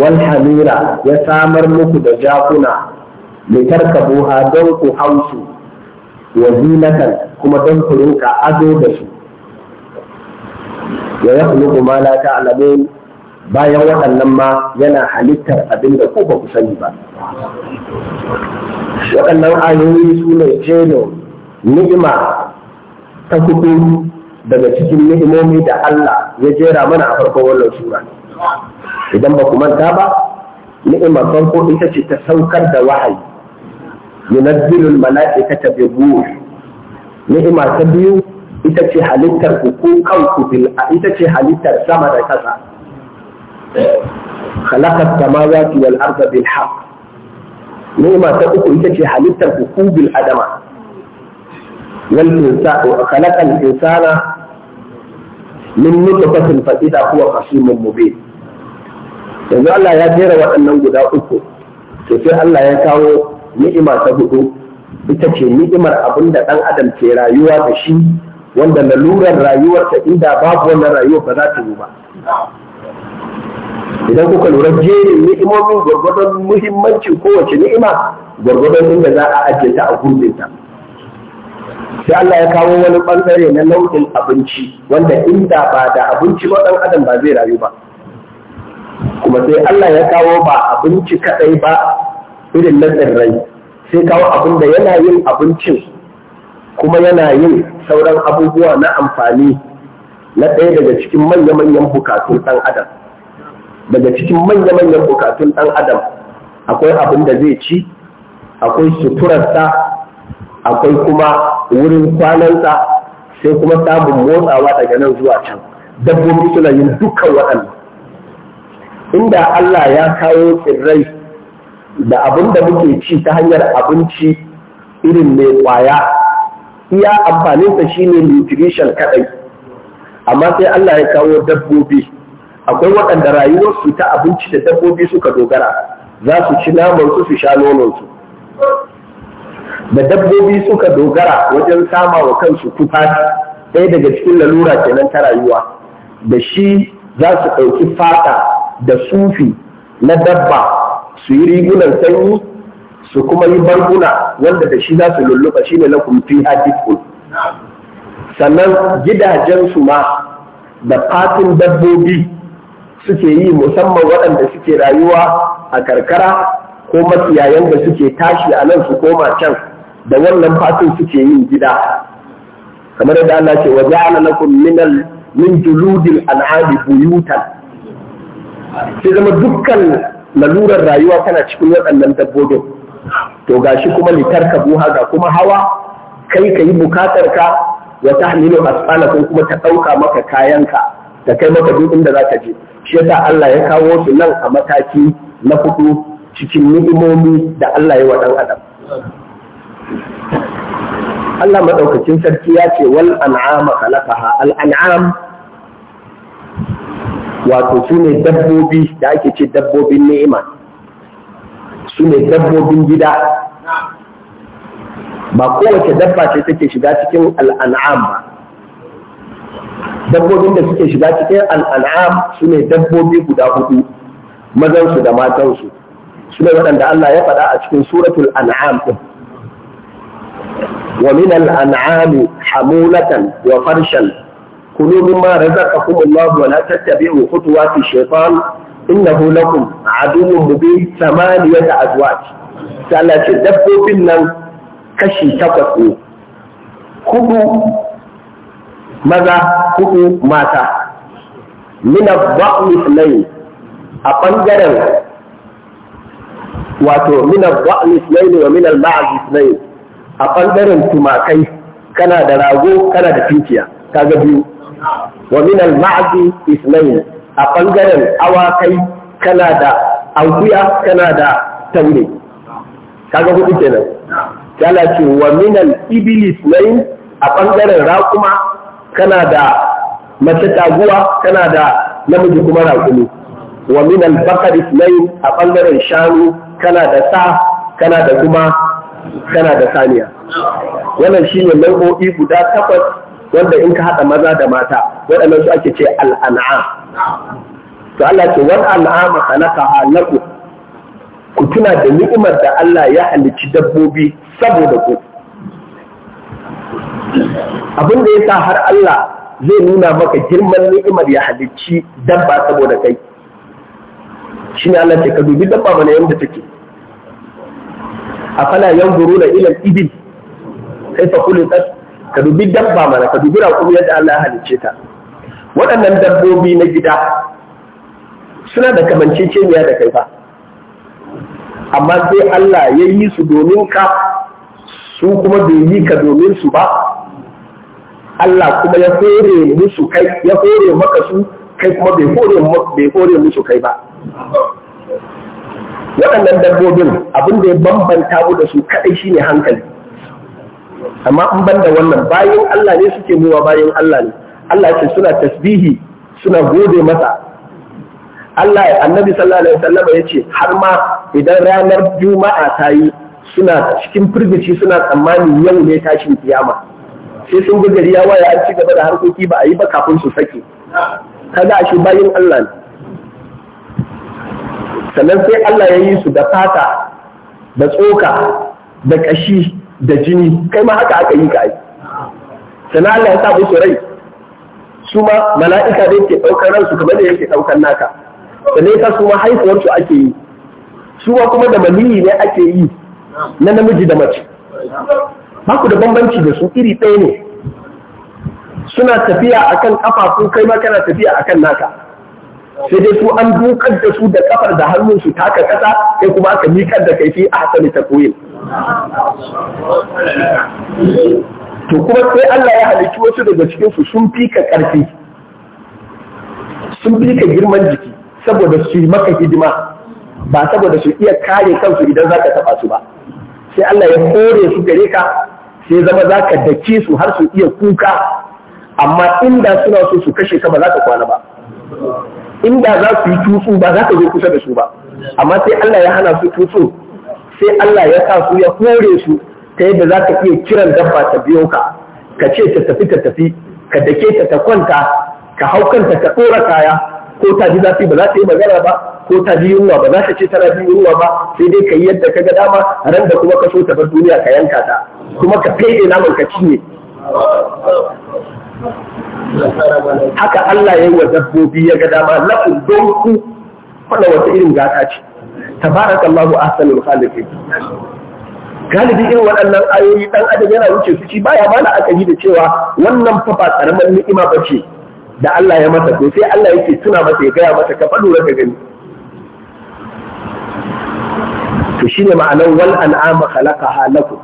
wal hamira ya samar muku da jakuna buha don ku hausu wa zinatan kuma don ku rinka ado da su ya yakhluqu ma la ta'lamun bayan waɗannan ma yana halittar abinda da ku ba ku sani ba waɗannan ayoyi su ne jelo ni'ima ta kuɗi daga cikin ni'imomi da Allah ya jera mana a farkon wannan sura idan ba ku manta ba ni'imar farko ita ce ta saukar da wahayi yunazzilu mala'ikata bi ruh ni'ima ta biyu ita ce halittar ku ku kanku bil ita ce halittar sama da kasa خلقت السماوات والأرض بالحق نعمة ku تجي حليت الحقوق الأدم والإنسان خلق الإنسان من نطفة فإذا هو خصيم مبين yanzu Allah ya jera waɗannan guda uku to sai Allah ya kawo ni'ima ta hudu ita ce ni'imar abin da ɗan adam ke rayuwa da shi wanda lalurar rayuwarsa inda babu wannan rayuwa ba za ta yi ba idan kuka lura jerin ni'imomin gwargwadon muhimmancin kowace ni'ima gwargwadon inda za a ajiye ta a gurbinta sai Allah ya kawo wani bangare na nau'in abinci wanda inda ba da abinci ba ɗan adam ba zai rayu ba kuma sai Allah ya kawo ba abinci kadai ba irin na tsirrai sai kawo abin da yana yin abincin kuma yana yin sauran abubuwa na amfani na ɗaya daga cikin manya-manyan bukatun ɗan adam daga cikin manya-manyan bukatun ɗan adam akwai abin da zai ci akwai suturarsa akwai kuma wurin kwanansa sai kuma samun motsawa daga nan zuwa can dabbobi suna yin dukkan waɗanda inda Allah ya kawo tsirrai da abin da muke ci ta hanyar abinci irin mai kwaya iya amfaninsa ne nutrition kadai amma sai Allah ya kawo dabbobi akwai waɗanda rayuwarsu ta abinci da dabbobi suka dogara za su ci namansu su sha nononsu da dabbobi suka dogara wajen sama wa kansu kufa ɗaya daga cikin lalura kenan ta rayuwa da shi za su ɗauki fata da sufi na dabba su yi rigunan sanyi su kuma yi barguna wanda da shi za su lulluɓa shi ne na kumfi hadifun sannan gidajensu ma da fatin dabbobi suke yi musamman waɗanda suke rayuwa a karkara ko makiyayan da suke tashi a nan su koma can da wannan fatin suke yin gida kamar da Allah ce wa ja'ala lakum min min juludil al'adu buyutan sai zama dukkan lalurar rayuwa tana cikin waɗannan dabbobin to ga shi kuma litar ka buha ga kuma hawa kai ka yi bukatar ka wa a asqalakum kuma ta ɗauka maka kayanka da kai maka duk inda zaka je shi yasa Allah ya kawo su nan a mataki na hudu cikin ni'imomi da Allah ya waɗan dan adam Allah madaukakin sarki ya ce wal an'ama khalaqaha al an'am wato su ne dabbobi da ake ce dabbobin ni'ima su ne dabbobin gida ba kowace dabba ce take shiga cikin al'an'am ba dabbobin da suke shiga cikin al'an'am su ne dabbobi guda hudu mazansu da matansu su ne waɗanda Allah ya faɗa a cikin suratul an'am ɗin wa min al'an'ami hamulatan wa farshan kulu mimma razaqakum Allah wa la tattabi'u khutuwati shaytan innahu lakum aduwwun mubin thamaniyata azwaj sallah ce dabbobin nan kashi takwas ne kudu maza kudu mata min adwa'i lay a bangaren wato min adwa'i lay wa min alma'i lay a bangaren tumakai kana da rago kana da tinkiya kaga biyu wa min al-ma'di ithnayn a bangaren awakai kana da akuya kana da taure kaga hudu kenan kala ce wa min al-ibli ithnayn a bangaren raƙuma kana da mace taguwa kana da namiji kuma raƙumi wa min al a bangaren shanu kana da sa kana da kuma kana da saniya wannan shine nau'o'i guda takwas wanda in ka haɗa maza da mata waɗannan su ake ce al'an'a, to Allah ce wal an'ama khalaqaha halaku ku tuna da ni'imar da Allah ya halicci dabbobi saboda ku abin da ya sa har Allah zai nuna maka girman ni'imar ya halicci dabba saboda kai ne Allah ce ka dubi dabba mana yadda take na yanzuruna ila al-ibil kulin ɗan. ka dubi dabba mana ka dubi raƙumi yadda Allah ya halicce ta waɗannan dabbobi na gida suna da kamanceceniya da kai fa amma sai Allah ya yi su domin ka su kuma bai yi ka domin su ba Allah kuma ya hore musu kai ya hore maka su kai kuma bai hore bai hore musu kai ba waɗannan dabbobin abin da ya bambanta mu da su kaɗai shine hankali amma in banda wannan bayan Allah ne suke muwa bayan Allah ne Allah ce suna tasbihi suna gode masa Allah annabi sallallahu alaihi wasallam ya ce har ma idan ranar juma'a ta yi suna cikin firgici suna tsammani yau ne tashin kiyama sai sun ga gari ya waya an ci gaba da harkoki ba a yi ba kafin su sake kaga shi bayan Allah ne sannan sai Allah ya yi su da fata da tsoka da kashi da jini kai ma haka aka yi ka ai sana Allah ya sa musu rai su ma mala'ika da yake daukar ransu kamar da yake daukar naka ne ka su ma haihuwar su ake yi su ma kuma da maniyi ne ake yi na namiji da mace ba ku da bambanci da su iri ɗaya ne suna tafiya akan kafafu kai ma kana tafiya akan naka sai dai su an dukar da su da kafar da hannun su taka kasa sai kuma aka mikar da kaifi a hasali ta to kuma sai Allah ya halicci wasu daga cikinsu sun fi ka ƙarfi sun fi ka girman jiki saboda su yi maka hidima ba saboda su iya kare kansu idan za ka taɓa su ba sai Allah ya kore su gare ka sai zama za ka dake su har su iya kuka amma inda suna so su kashe ka ba za ka kwana ba inda za su yi tutsu ba za ka zo kusa da su ba amma sai Allah ya hana su tutsu sai Allah ya sa su ya kore su ta yadda za ka iya kiran dabba ta biyo ka ka ce ta tafi ta tafi ka dake ta ta kwanta ka hau kanta ta ɗora kaya ko ta ji zafi ba za ta yi magana ba ko ta ji yunwa ba za ta ce tana ji yunwa ba sai dai ka yi yadda ka ga dama ran da kuma ka so ta bar duniya ka yanka ta kuma ka fede naman ka cinye haka Allah ya yi wa dabbobi ya ga dama lakum don ku faɗa wata irin gata ce tabarakallahu ahsanul khaliqin galibi irin waɗannan ayoyi ɗan adam yana wuce su ci baya ba la'akari da cewa wannan fa ba ni'ima ba ce da Allah ya masa to sai Allah yake tuna masa ya gaya masa ka faɗo ka gani to shine ma'anar wal an'ama khalaqaha lakum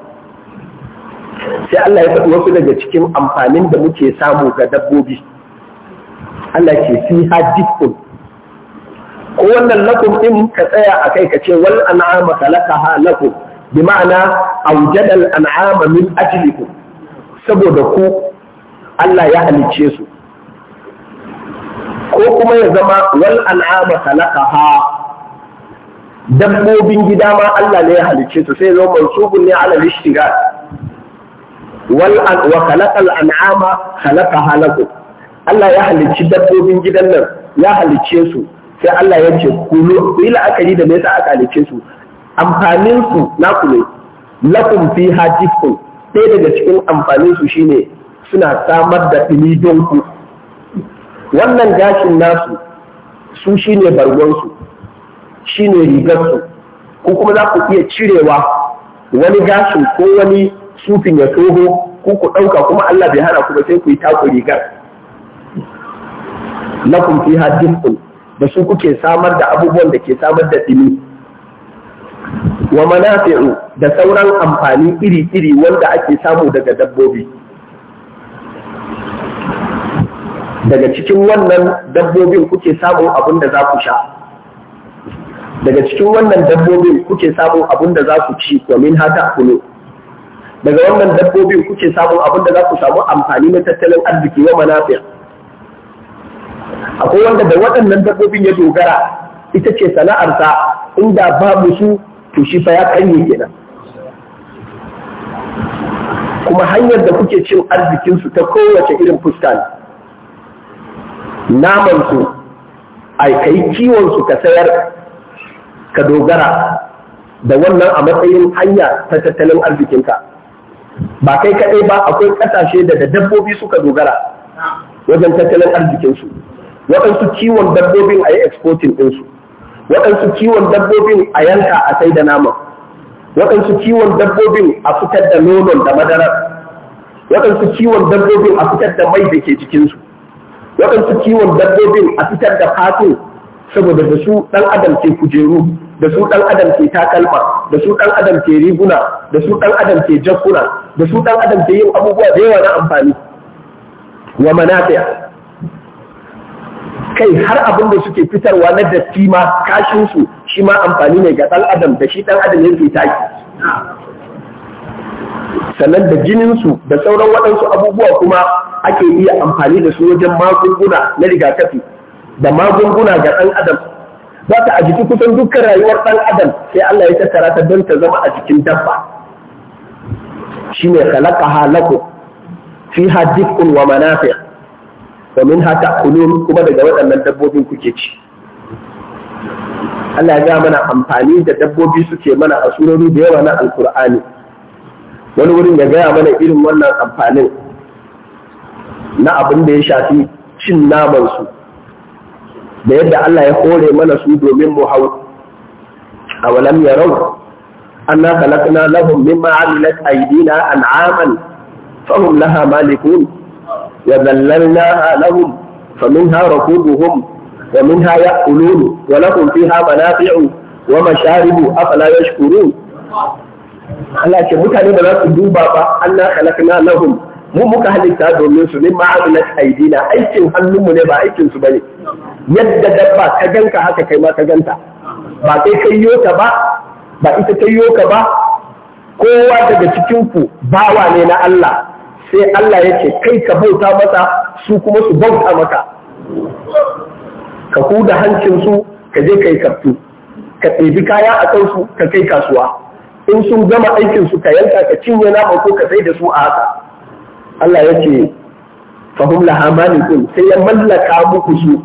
sai Allah ya faɗi wasu daga cikin amfanin da muke samu ga dabbobi Allah ke fi hadithun ko wannan lakum din ka tsaya a kai ka ce wal an'ama khalaqaha lakum bi ma'ana awjada al an'ama min ajlikum saboda ku Allah ya halicce su ko kuma ya zama wal an'ama khalaqaha dabbobin gida ma Allah ne ya halicce su sai zo mansubun ne ala lishtigal wal an wa khalaqa al an'ama khalaqaha lakum Allah ya halicci dabbobin gidan nan ya halicce su sai Allah ya ce ku yi la'akari da me yasa aka halice su amfanin su naku ne lakum fi hajifun ɗaya daga cikin amfanin su shine suna samar da ɗumi don ku wannan gashin nasu su shine bargon su shine rigar su ko kuma za ku iya cirewa wani gashin ko wani sufin ya soho ko ku ɗauka kuma Allah bai hana ku ba sai ku yi taku rigar lakum fi hajifun da su kuke samar da abubuwan da ke samar da ɗumi wa manafi'u da sauran amfani iri-iri wanda ake samu daga dabbobi daga cikin wannan dabbobin kuke samun abin da za ku sha daga cikin wannan dabbobin kuke samun abin da za ku ci wa min hata ne? daga wannan dabbobin kuke samun abin da za ku samu amfani na tattalin arziki wa manafi'u akwai wanda da waɗannan dabbobin ya dogara ita ce sana'arsa inda babu su to shi fa ya kanye kenan kuma hanyar da kuke cin arzikinsu ta kowace irin fuska ne namansu a kai su ka sayar ka dogara da wannan a matsayin hanya ta tattalin arzikinka ba kai kaɗai ba akwai ƙasashe da dabbobi suka dogara wajen tattalin arzikinsu waɗansu kiwon dabbobin a yi exporting ɗinsu waɗansu kiwon dabbobin a yanka a sai da naman waɗansu kiwon dabbobin a fitar da nonon da madarar waɗansu kiwon dabbobin a fitar da mai da ke cikinsu waɗansu kiwon dabbobin a fitar da fatin saboda da su ɗan adam ke kujeru da su ɗan adam ke takalma da su ɗan adam ke riguna da su ɗan adam ke jakuna da su ɗan adam ke yin abubuwa da yawa na amfani wa manafiya kai har abin da suke fitarwa na datti ma kashin su shi ma amfani ne ga ɗan adam da shi ɗan adam yake taki sannan da jinin su da sauran waɗansu abubuwa kuma ake iya amfani da su wajen magunguna na rigakafi da magunguna ga ɗan adam za ta a jiki kusan dukkan rayuwar ɗan adam sai Allah ya tattara ta don ta zama a cikin dabba Shi shine khalaqaha lakum fiha dif'un wa manafi' wa min haka kulun kuma daga waɗannan dabbobin kuke ci Allah ya mana amfani da dabbobi suke mana a surori da yawa na alkur'ani wani wurin ya gaya mana irin wannan amfanin na abin da ya shafi cin namansu da yadda Allah ya hore mana su domin mu hau a walam ya rau an na kalakna lahum mimma amilat aidina an'aman fahum laha malikun وذللناها لهم فمنها ركوبهم ومنها يأكلون ولهم فيها منافع ومشارب أفلا يشكرون Allah ce mutane ba za su duba ba Allah halakna lahum mu muka halitta domin su min ma'amalat aidina aikin hannunmu ne ba aikin su bane yadda dabba ka ganka haka kai ma ka ganta ba kai kai yota ba ba ita kai yoka ba kowa daga cikin ku bawa ne na Allah sai Allah ya ce kai ka bauta masa su kuma su bauta maka ka huda hancinsu ka je kai kaftu ka ɗebi kaya a kansu ka kai kasuwa in sun gama aikinsu ka yanka ka cinye nama ko ka sai da su a haka Allah ya ce fahim laha malikun sai ya mallaka muku su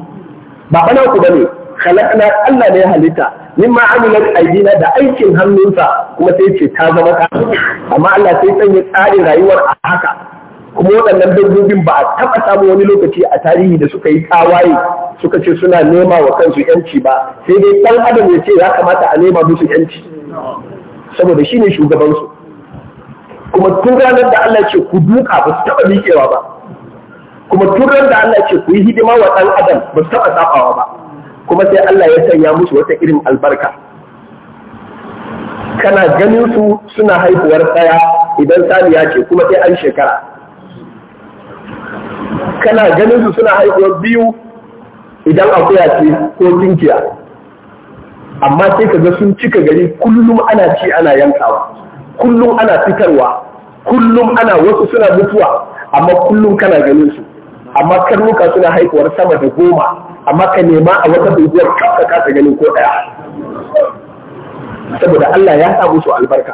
ba na ku bane khalaqna Allah ne ya halitta mimma amilat aydina da aikin hannunsa kuma sai ce ta zama ta amma Allah sai sanya tsarin rayuwar a haka kuma waɗannan dabbobin ba a taɓa samun wani lokaci a tarihi da suka yi tawaye suka ce suna nema wa kansu yanci ba sai dai ɗan adam ya ce ya kamata a nema musu yanci saboda shine shugabansu kuma tun da Allah ce ku duka ba su taɓa miƙewa ba kuma tun da Allah ce ku yi hidima wa ɗan adam ba su taɓa saɓawa ba kuma sai Allah ya sanya musu wata irin albarka kana ganin su suna haihuwar tsaya idan ya ce kuma sai an shekara kana ganin su suna haihuwa biyu idan akuya ce ko tinkiya amma sai ka ga sun cika gari kullum ana ci ana yankawa kullum ana fitarwa kullum ana wasu suna mutuwa amma kullum kana ganin su amma karnuka suna haihuwar sama da goma amma ka nema a wata dubuwar kafa kasa ganin ko daya saboda Allah ya sa musu albarka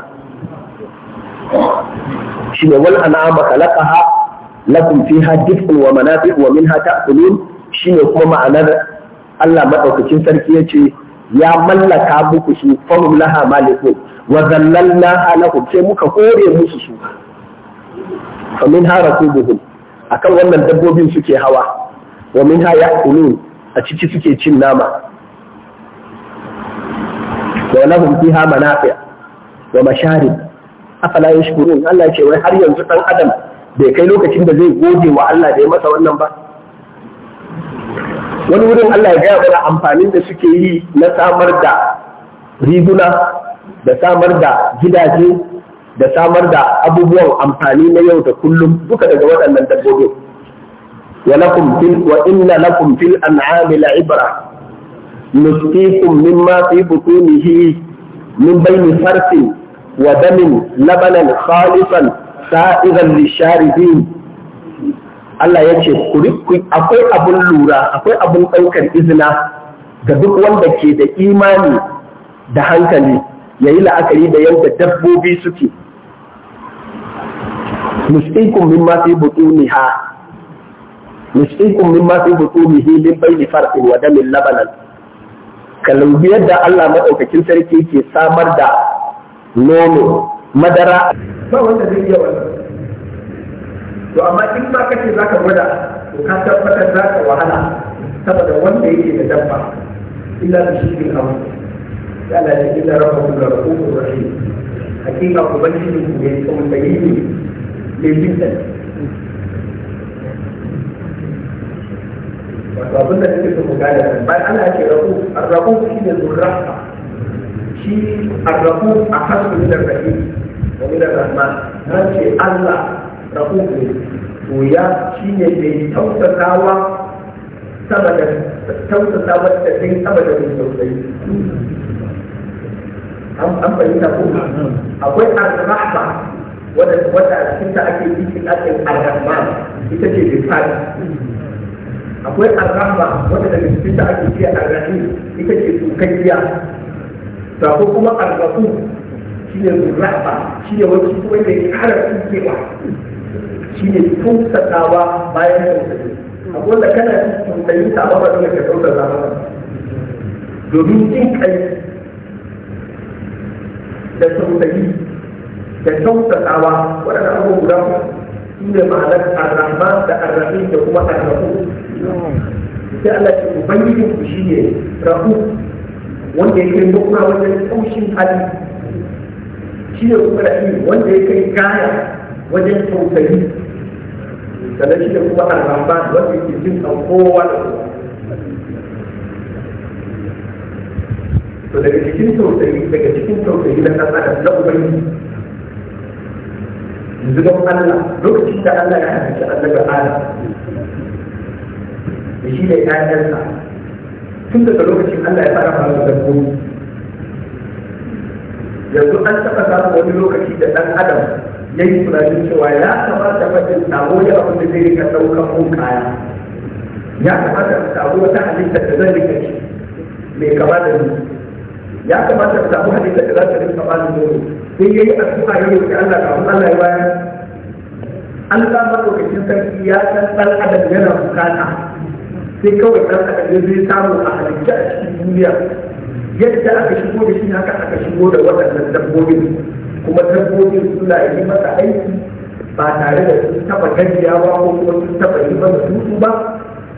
shi ne wal an'ama khalaqaha lakum fiha dif'un wa manafi' wa minha ta'kulun shine kuma ma'anar Allah madaukakin sarki yace ya mallaka muku su fahum laha malikun wa zallalna lahum sai muka kore musu su fa minha rakubuhum akan wannan dabbobin suke hawa wa minha ya'kulun a ciki suke cin nama wa lahum fiha manafi' wa masharib afala yashkurun Allah ya ce wai har yanzu dan adam bai kai lokacin da zai goge wa Allah da ya masa wannan ba wani wurin Allah ya gaya mana amfanin da suke yi na samar da riguna da samar da gidaje da samar da abubuwan amfani na yau da kullum duka daga waɗannan dabbobi wa lakum fil wa inna lakum fil an'ami la'ibra nusqikum mimma fi butunihi min bayni farsin wa damin labanan khalisan saizan lisharibin Allah ya ce akwai abin lura akwai abin ɗaukar izina ga duk wanda ke da imani da hankali ya yi la'akari da yadda dabbobi suke nusikun min buɗu ni ha nusikun min mafi butuni hilin bai farfin wa damin labanan kalubiyar da Allah maɗaukakin sarki ke samar da nono madara ba wanda zai iya wannan to amma in ba kace zaka gwada to ka tabbatar za ka wahala saboda wanda yake da dabba illa bi shirkin abu ya la ilaha illa rabbukum rahmanur rahim hakika shi ku ne kuma yi ne ne bisan wato abin da nake so mu gane bayan Allah ya ce rabu arrabu shi ne zurrafa shi arrabu a kan sunan rahim game da rahman na ce allah da ne to ya shi ne mai tausasawa saboda da tausasawa da sai sama mai tausayi an ta ko akwai arrahma wadda a cikin ake cikin ɗakin arrahman ita ce bisani akwai arrahma wanda daga cikin ta ake ce arrahim ita ce tsukakkiya ko kuma arrahu shi ne zurrafa shi ne wani kuma yake kara tsinkewa shi ne tausatawa bayan A akwai wanda kana tausayi ta ba ba dole ka tausasa ba domin jin kai da tausayi da tausatawa waɗanda abubuwa guda su ne ma'anar arrahman da arzikin da kuma arrahu sai Allah ce ubangijin ku shi ne rahu wanda yake nuna wajen taushin hali shi ne kuma rafi wanda ya kai kaya wajen tausayi sannan shi ne kuma alhamban wanda yake jin kan kowa da kowa to daga cikin tausayi daga cikin tausayi na kasa da na ubangiji yanzu don Allah lokacin da Allah ya a annabi Adam da shi da ƴaƴansa tun daga lokacin Allah ya fara fara da dabbobi yanzu an taɓa samun wani lokaci da ɗan adam ya yi tunanin cewa ya kamata faɗin sabo ya abu da zai rika ɗaukar mun kaya ya kamata mu samu wata halitta da zan rika ci mai kama da ni ya kamata mu samu halitta da za ta rika ba ni nono sai ya yi addu'a da roƙi Allah kafin Allah ya bayar An Allah maɗaukakin sarki ya san ɗan adam yana bukata sai kawai ɗan adam ya zai samu a halitta a cikin duniya yadda aka shigo da shi haka aka shigo da waɗannan dabbobin kuma dabbobin suna yi masa aiki ba tare da sun taɓa gajiyawa ko kuma sun taɓa yi masa tutu ba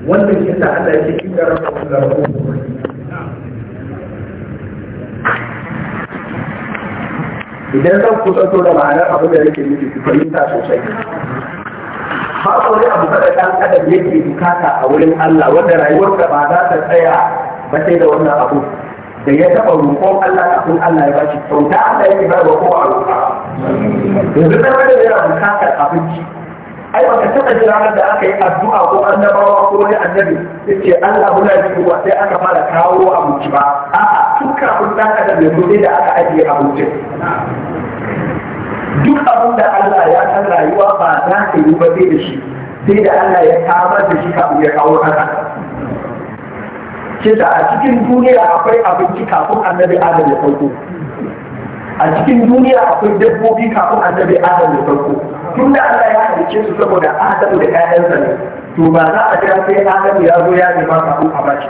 wannan shi sa Allah ya ce inda rabu da rabu idan zan kusanto da ma'anar abin da nake nufi ku fahimta sosai ba wani abu da ɗan adam yake bukata a wurin Allah wanda rayuwarsa ba za ta tsaya ba sai da wannan abu da ya taɓa roƙon Allah kafin Allah ya bashi kyauta Allah ya ba roƙo a roƙa yanzu da wanda yana bukatar abinci ai ba ka taɓa jira da aka yi addu'a ko annabawa ko wani annabi yace Allah muna ji wa sai aka fara kawo abinci ba a'a tun kafin dan adam ya zo da aka ajiye abincin duk abin da Allah ya san rayuwa ba za ta yi ba sai da shi sai da Allah ya kamar da shi kafin ya kawo haka ce da a cikin duniya akwai abinci kafin annabi adam ya farko a cikin duniya akwai dabbobi kafin annabi adam ya farko tun da Allah ya halice su saboda adam da ƴaƴansa ne to ba za a ja sai adam ya zo ya nema kafin a bashi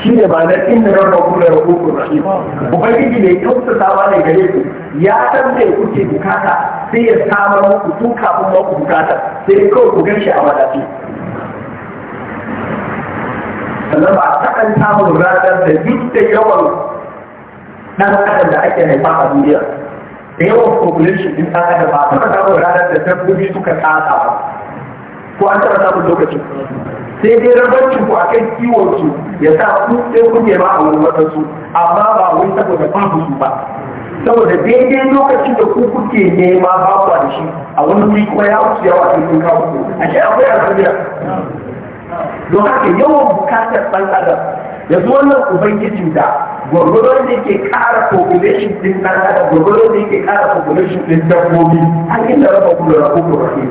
shi ne ba na inda na rabu da rabu ko rahim ubangiji mai kyautatawa ne gare ku ya san me kuke bukata sai ya samar muku tun kafin ma ku bukata sai kawai ku gan shi a wadafi sannan ba a takan samun ranar da duk da yawan ɗan adam da ake haifa a duniya da yawan population din ta adam ba a taɓa samun ranar da ta dabbobi suka tsada ba ko an taɓa samun lokacin sai dai rabancin ku akan kiwon su ya sa ku sai ku nema a wurin waɗansu amma ba wai saboda babu su ba saboda daidai lokacin da ku kuke nema ba ku da shi a wani kuma ya wuce yawa cikin kawo a shi akwai alhamdulillah don haka yawan bukatar ɗan adam yanzu wannan ubangijin da gwargwaron da yake ƙara population ɗin ɗan adam gwargwaron da yake ƙara population ɗin dabbobi an inda raba kula da kuma rahim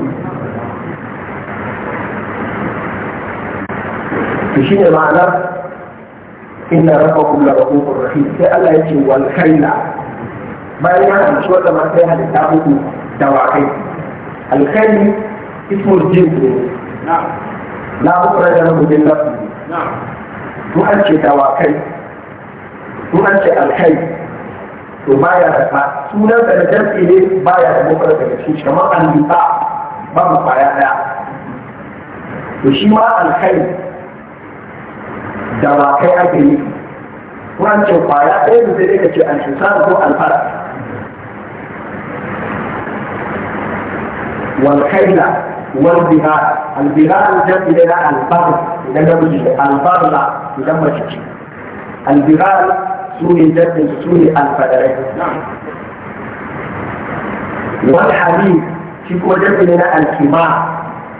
to shine ma'anar inna rabbakum la rahmanur rahim sai Allah ya ce wal khayla bayan ya hada shi wannan ma sai hada ta uku dawakai al khayl ismul jinn لا مخرج له من لفظه مؤنشي نعم. دواكي مؤنشي الكي وبايا دفع سونا تنجم إليه بايا مخرج له كما النساء ما مقايا وشيما الكي دواكي أجري مؤنشي بايا إيه بذلك الحسان هو الفرق والخيل والبهار البغال جمع لنا البر إذا نبجد البر إذا مجد البغال سوري جمع سوري الفدرين نعم. والحبيب شكو جمع لنا الحمار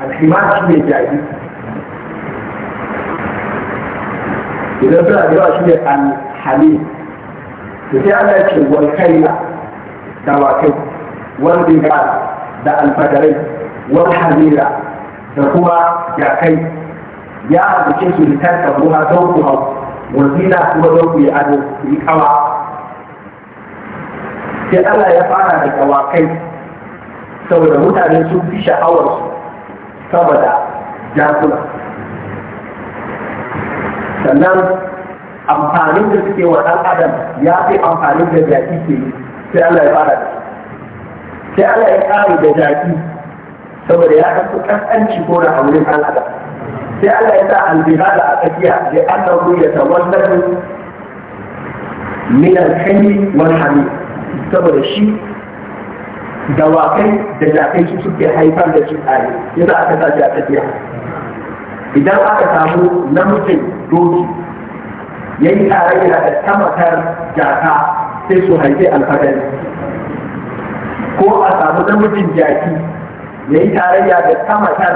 الحمار شو جاي إذا بلا بلا شو الحبيب فسي الله يشي والخيلة دواكب والبغال ده الفدرين والحبيرة da kuma jakai ya abuce su da tarka ruwa don ku hau wazina kuma don ku yi ado ku yi kawa sai Allah ya fara da dawakai saboda mutane sun fi sha'awar su sama da jakuna sannan amfanin da suke wa ɗan adam ya fi amfanin da jaki ke sai Allah ya fara da sai Allah ya ƙari da jaki saboda ya ɗauki ƙasƙanci ko na aurin an adam sai Allah ya sa albira da a tsakiya da annahu ya tawallahu min kai wani hamid saboda shi dawakai da jakai su suke haifar da shi tsari yasa aka sa shi a tsakiya idan aka samu namijin doki ya yi tarayya da tamatar jaka sai su haifi alfadari ko a samu namijin jaki ya yi tarayya da kamatar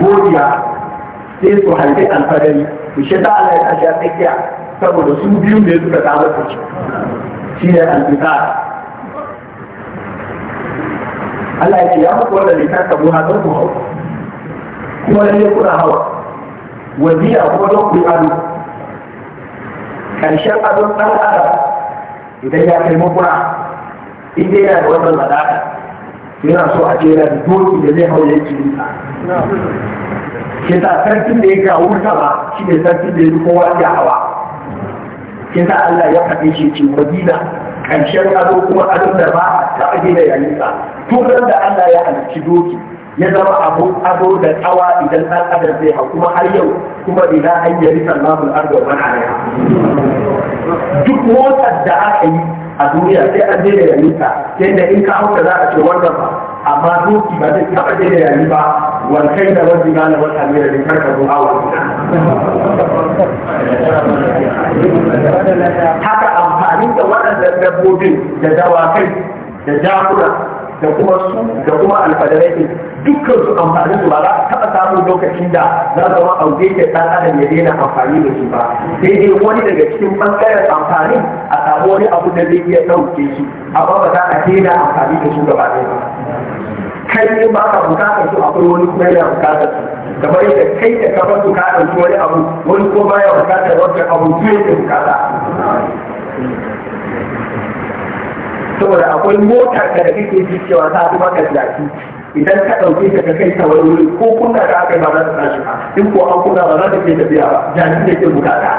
godiya sai su haifi alfadari ku shi ta ala ya tashi tsakiya saboda su biyu ne suka samu su shi ne alfita Allah ya ce ya muku wanda ne ta samu hatsun ku hau kuma lalle kuna hawa wajiya kuma don ku yi ado ƙarshen adon ɗan adam idan ya kai makura in dai yana da wannan wadata yana so a ce yana da doki da zai hau yake ke sa sarkin da ya kawo ba shi ne sarkin da ya fi kowa ya hawa ke sa Allah ya faɗe shi ce madina ƙarshen ado kuma ado da ba ta aje da yayin sa to da Allah ya halicci doki ya zama abu ado da tsawa idan ɗan adam zai hau kuma har yau kuma ila an yi rikan namun arzikin mana duk motar da aka yi a duniya sai an daina yayin ka yadda in ka hauka za a ce wannan ba amma doki ba zai taɓa daina yayi ba wankai da wani gane wata ne da kar ka zo hawa haka amfani da waɗannan dabbobin da dawakai da jakuna da kuma su da kuma alfadarai dukkan su amfani su ba za a taɓa samun lokacin da za zama auge ke ɗan adam ya daina amfani da su ba sai dai wani daga cikin ɓangaren amfani a samu wani abu da zai iya ɗauke shi amma ba za a daina amfani da su gaba ɗaya ba kai ne ba ka bukatar su akwai wani kuma yana bukatar su kamar yadda kai da ka bar bukatar su wani abu wani ko baya bukatar wancan abu su yake bukata saboda akwai motar da da kake ji cewa za a fi maka jaki idan ka ɗauke ta ka kai ta wani wuri ko kunna ka aka ba za ta tashi ba in ko an kunna ba za ta ke tafiya ba jami'in da ke bukata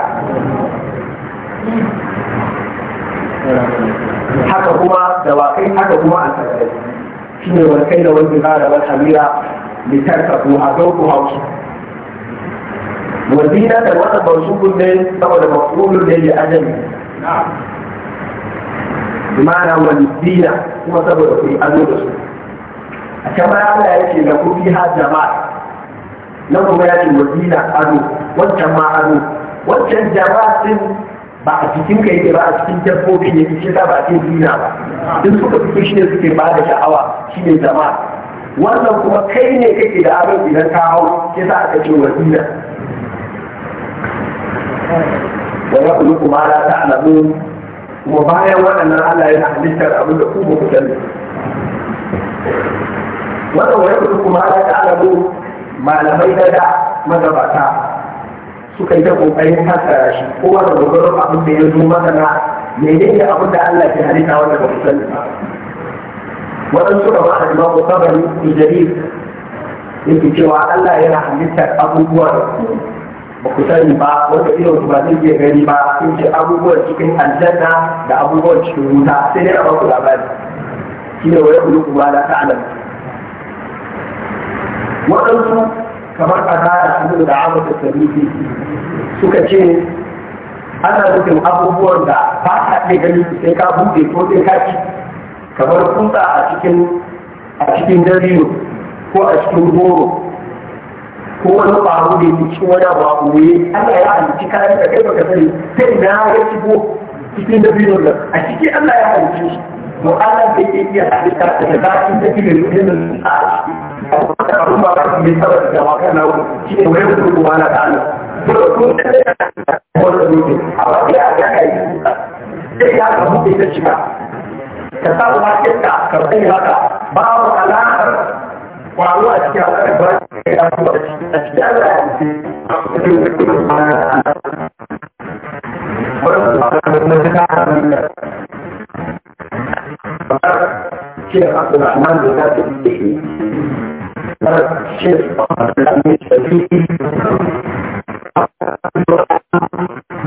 haka kuma da wakai haka kuma a sarari shi ne wani kai da wani zara wani hamira litarka ko a zauku hausu wazina da wata bausu kunne saboda makulun da ya ajiye bimana zina kuma saboda ku yi da su a can baya Allah ya ce da ku ha jama'a nan kuma ya ce walidina ado wancan ma ado wancan jama'a din ba a cikin kai yake ba a cikin dabbobi ne shi ba a cikin zina ba duk suka fito shi ne suke ba da sha'awa shi ne jama'a wannan kuma kai ne kake da abin idan ka hau shi sa aka ce walidina wa yaqulu ma la ta'lamun kuma bayan waɗannan Allah yana halittar abin da ku ba ku sani wannan wani kuma Allah ta alamu malamai da da magabata suka yi ta kokarin hasara shi kowa da dogaron abin da ya zo masana menene abin da Allah ke halitta wanda ba ku sani ba waɗansu da ma'a imam mutabari ibn jarir yake cewa Allah yana halittar abubuwa da ku ba ku sani ba wanda irin ba zai iya gani ba sun ce abubuwan cikin aljanna da abubuwan cikin wuta sai dai a ba ku labari shi ne wani kudu kuma da ta'alam waɗansu kamar a da abu da abu da sabiti suka ce ana nufin abubuwan da ba ka iya gani sai ka buɗe ko sai ka ci kamar kusa a cikin a cikin ko a cikin goro ko wani faru da yake cikin wani abu abu ne Allah ya halicci kayan da kai baka sani sai na ya shigo cikin da biyu nan a ciki Allah ya halicci shi to Allah da iya halitta da zafin da kike da nan a ciki a kuma ba ka mai tsara da waka na wani shi ne wani kuma na da Allah to ko da ya ne a wani ya ga kai sai ya ga mutum da shi ka ka sa ba ka ka kai haka ba wa alaƙar وعلى أشياء شيخ عبد الرحمن بن عبد الشيخ الشيخ عبد الحميد الشريفي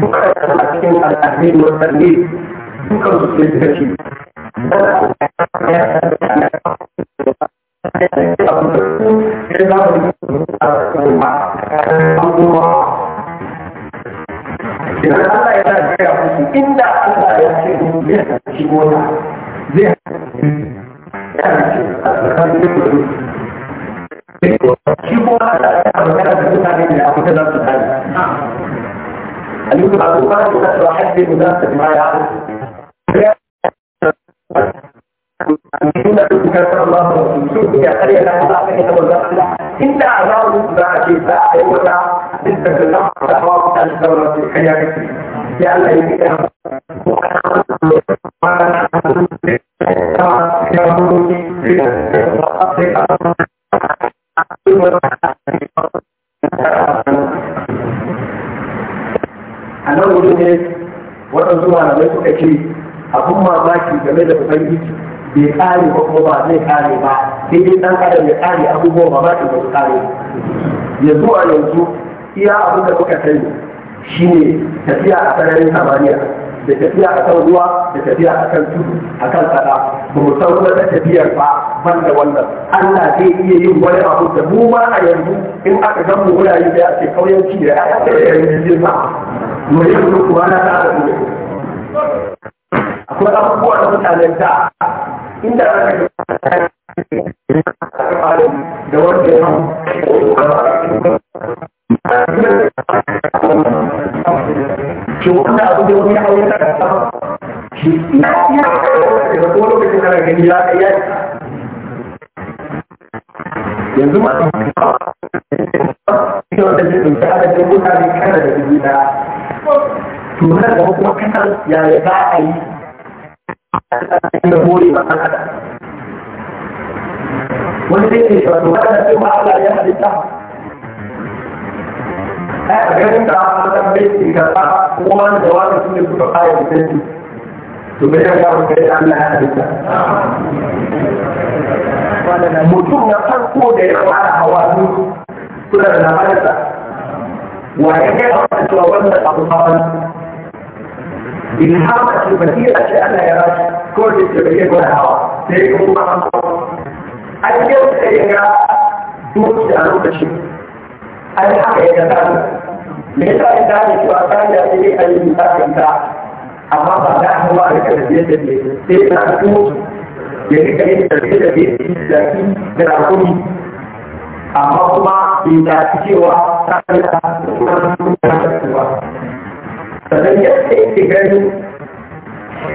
وكان التحليل والتدليل يقصد بالبشير خليكم على القرآن كده حد منافق معايا عارف انت اعراض بقى في بقى يوجع انت في النقطة اعراض الدورة الحياة لأن يمكنها yau ne waɗansu malamai suka ce abin mamaki game da ubangiji bai kare ba kuma ba zai kare ba sai dai ɗan adam ya kare abubuwa ba ba su kare yanzu a yanzu iya abin da muka sani shine tafiya a sararin samaniya da tafiya a kan ruwa da tafiya a kan tudu a kan tsada ba mu san kuma da tafiyar ba ban da wannan Allah zai iya yin wani abu da mu ma a yanzu in aka gan wurare da ake ce kauyanci da ya aka yi yanzu ma mai yin kuwa na ta da akwai abubuwa da mutanen da inda aka yi da wanda ya ke wanda abu da wani aure na kasa ya ya da kuma lokacin da gani ya ya yanzu ma da zai ɗauki adadin mutane kada da dubu daya tunar da kuma kasar yaya za a yi da more ba kan adam wani zai ce ba tunar da cewa Allah ya halitta a ganin da an tambaye shi ga ba kuma da wani sun da suka fara da sai to bai da gawo kai Allah ya halitta mutum na farko da ya fara hawa ne kuna da labarinsa wa ya kai a wani cewa wannan abu ba بالنهار المسير أشياء لا يراش كل الجبرية ولا هواء سيكون معهم اليوم سيجرى موت جانو بشي الحق يتبعنا ليس إنسان يتوقع يأتي أي إنسان إنسان أما بعدها هو الكلمية التي سيكون jadi kami berbeda di dari gerakun apa cuma di jiwa tak ada jiwa sannan yadda yake gani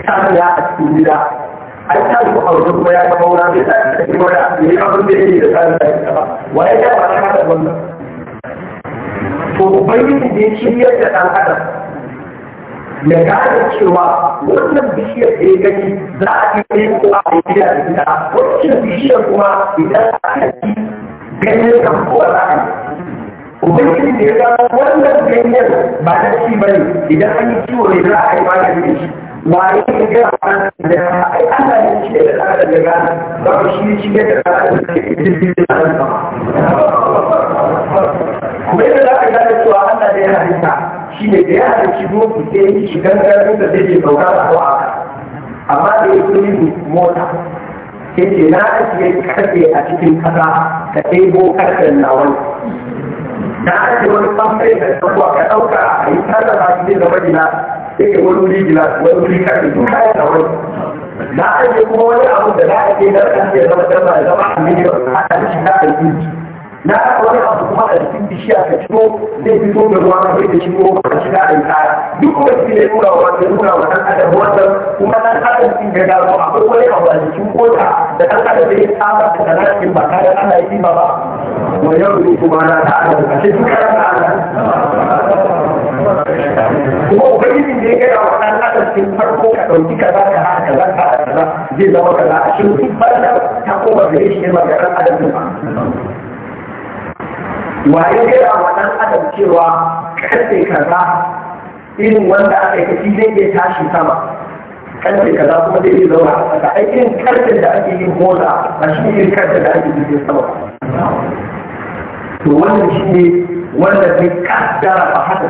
sanya a cikin gida an ta ku aure kuma ya zama wani da ta yi mana ne abin da yake da tsarin da ya ba wa ya ga ba ta wannan to ubangiji da ya shiryar da ɗan adam ya gane cewa wannan bishiyar da ya gani za a iya yin ko a yi gida da gida wancan bishiyar kuma idan aka ci ganin kan kowa za a yi ubangiji ya gano wannan ganyen ba ta ci ba ne idan an yi ciwo ne za a yi magani da shi waye ya ga an da ya ai ana yin shi da tsara da gana ba ku shi shi da tsara da ke jirgin da nan ba kuma yadda za ka gane cewa Allah da ya halitta shi ne da ya halitta doki sai ya yi shi gangarin da zai ke sauka a zuwa amma da ya kuri mota sai ce na ake karfe a cikin kasa ka ɗebo karfen na wani na ake wani famfai da tsakuwa ka ɗauka a yi tare da shi da madina sai ka wani wuri gila wani wuri kafin su kayan ya wani na ake kuma wani abu da na ake ɗan ake zama zama zama a miliyan a kan shi na kan na wani abu kuma a cikin bishiya ka ciro zai fito da ruwa kai da shi ko ka shiga a yanka duk kuma shi ne nuna wa wanda nuna wa dan adam kuma dan adam din ga gano akwai wani abu a cikin kota da dan adam zai tsara da sanatin ba ka da Allah ya yi ba ba wa yau ne kuma na ta adam a cikin karan da Allah kuma ubangiji ne ya gaya wa dan adam din farko ka dauki kaza ka haka kaza ka kaza zai zama kaza a cikin duk ta koma gare shi ne ba ga dan adam ba waye gaya wa ɗan adam cewa karfe kaza irin wanda aka yi zai iya tashi sama karfe kaza kuma zai iya zauna a ƙasa ai irin da ake yin hola a shi ne irin da ake yin sama to wannan shi ne wanda bai kaddara ba haka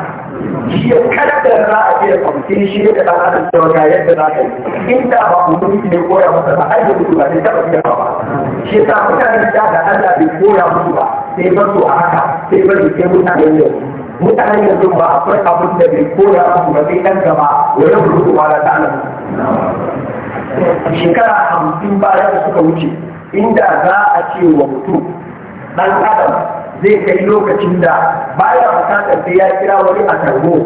shi ya kaddara za a iya kwamfin shi da ɗan adam cewa ga yadda za ka yi inda ba mutum ne koya masa ba ai da mutu ba sai taɓa iya ba shi ya sa mutane da Allah bai koya musu ba sai ba su a haka sai ba su mutane ne mutane mutanen sun ba akwai abin da bai koya musu ba sai ɗan gaba wani rubutu ba da ta'alam shekara hamsin baya da suka wuce inda za a ce wa mutum ɗan adam zai kai lokacin da baya buƙatar sai ya kira wani a tarbo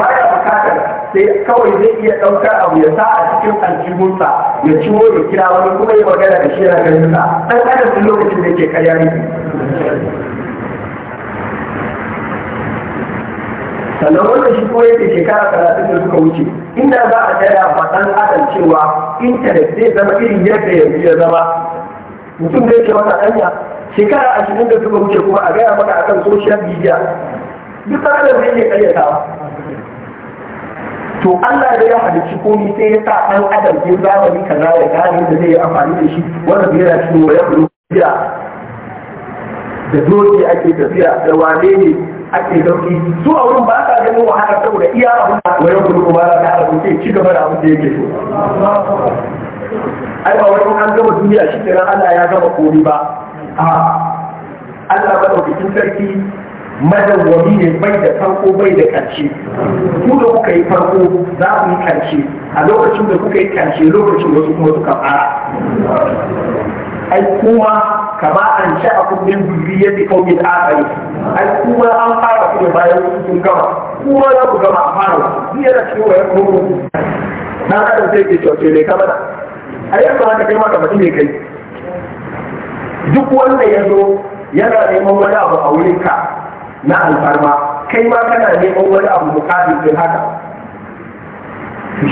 baya bukatar sai kawai zai iya ɗaukar abu ya sa a cikin aljihunsa ya ciwo ya kira wani kuma ya magana da shi na ganin sa ɗan adam sun lokacin da ke karya sannan wannan shi kuma yake shekara talatin da suka wuce inda za a gaya a dan adam cewa intanet zai zama irin yadda yanzu ya zama mutum da yake wata hanya shekara ashirin da suka wuce kuma a gaya maka akan social media duk ɗan adam zai iya ƙaryatawa to Allah da ya halicci komi sai ya sa ɗan adam ya zamani kaza da gane da zai yi amfani da shi wanda zai yi cikin wayar da da doki ake tafiya da wane ne ake dauki su a wurin ba sa ganin wahala saboda iya abin da wani kuma kuma ba ga abin da ci gaba da abun da yake so ai ba wani an gama duniya shi kenan Allah ya gama komai ba Allah madaukakin sarki madawwami ne bai da farko bai da karshe ku da kuka yi farko za ku yi karshe a lokacin da kuka yi karshe lokacin wasu kuma suka fara ai kuma kama an sha a kullum zuriya da kaumin akari ai kuma an fara ku da bayan sun gama kuma za ku gama a fara zuriya da cewa ya kuma na adam sai ke cewa ne kama da ai yadda haka kai ma ka faɗi ne kai duk wanda ya zo yana neman wani abu a wurinka na alfarma kai ma kana neman wani abu bukatun din haka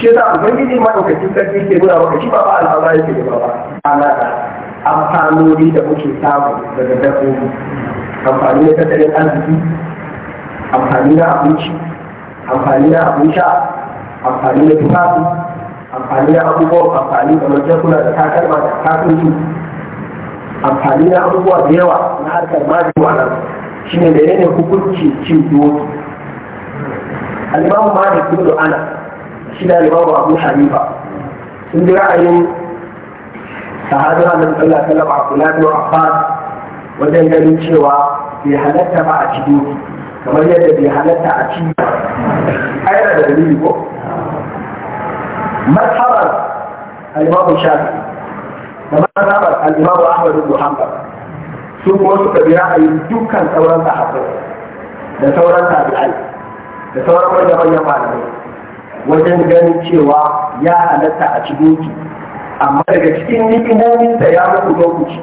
shi da ubangiji ma daukakin sarki ke nuna maka shi ba ba al'amari ke da ba ba amfanoni da muke samu daga dabbobi amfani da tattalin arziki amfani da abinci amfani da abin sha amfani da tufafi amfani da abubuwa, amfani da majakuna da takalma da takalmi amfani da abubuwa da yawa na harkar majiwa nan shi ne da yanayin hukunci cin doki alimamu da kudu ana shi da alimamu abu hanifa sun bi ra'ayin فهذا ما من قلة تلو عبدالله وعفاد وذي يلو شوى في حالتها مع أجدوك كما يجد في حالتها أجدوك أين دليلك؟ ما تحرر الإمام الشافعي وما تحرر الإمام أحمد بن محمد ثم وصف بها أي دوكا ثورتها حقا لثورتها بالعلم لثورتها بالعلم وذي يلو شوى يا حالتها أجدوك amma daga cikin nikimomin da ya muku lokaci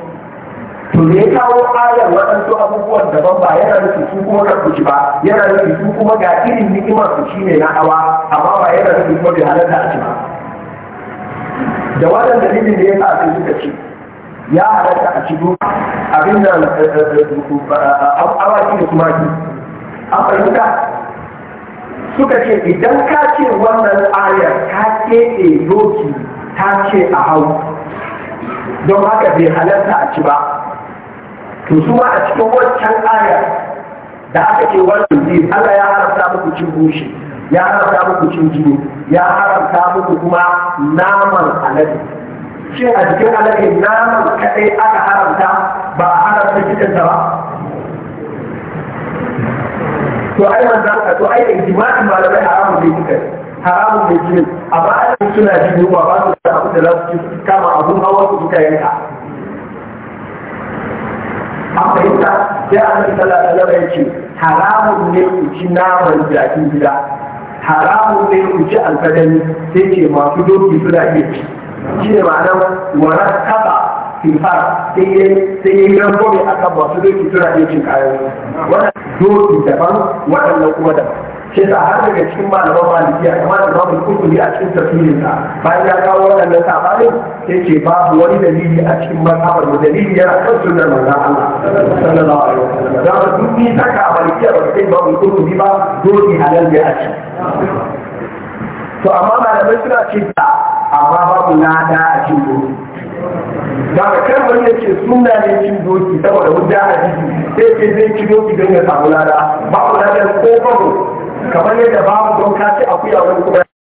to me ya kawo ayar waɗansu abubuwan daban ba yana nufin su kuma kan kuci ba yana nufin su kuma ga irin nikimar su shine na hawa amma ba yana nufin kuma bai halar a ci ba da wannan dalilin da ya sa sai suka ce ya halatta a cikin abin da eh, eh, eh, awaki da kuma ki a fahimta suka ce idan ka ce wannan ayar ka keɓe doki ta ce a hau don haka bai halarta a ci ba to su ma a cikin wancan ayar da aka ce wannan zai Allah ya haramta muku cin bushe ya haramta muku cin jini ya haramta muku kuma naman alade shin a cikin alade naman kadai aka haramta ba a haramta cikin ba to ai manzo ka to ai jima'i malamai haramun ne kika haramun da jini a ba a suna jin yunwa ba su da abin da za su ci kama abun hawa su suka ka. A fahimta sai an yi sallah da zama yake haramun ne ku ci naman jakin gida haramun ne ku ci alfadani sai ce masu doki suna iya ci shi ne ma'anar wani kaba filfar sai ya yi ranko ne akan masu doki suna iya cin kayan wannan doki daban waɗannan kuma daban ke sa har daga cikin malaman malikiya kamar da babu kurkuri a cikin tafsirin ta bayan ya kawo waɗannan sabanin sai ce babu wani dalili a cikin mazhabar da dalili yana kan sunnar Na Allah sallallahu alaihi wasallam da ba duk ni saka malikiya ba sai babu kurkuri ba dole halal ne a ciki to amma malamai suna ce ta ah, amma babu lada a cikin doki da ka kan wani ce suna ne cin doki saboda hujja a jiki sai ke zai ci doki don ya samu lada babu lada ko babu kamar yadda babu don ka akuya wani kuma